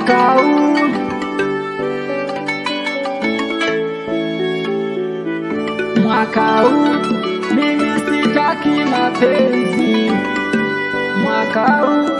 Macau. Macau, ministro Jaque Matheus. Macau.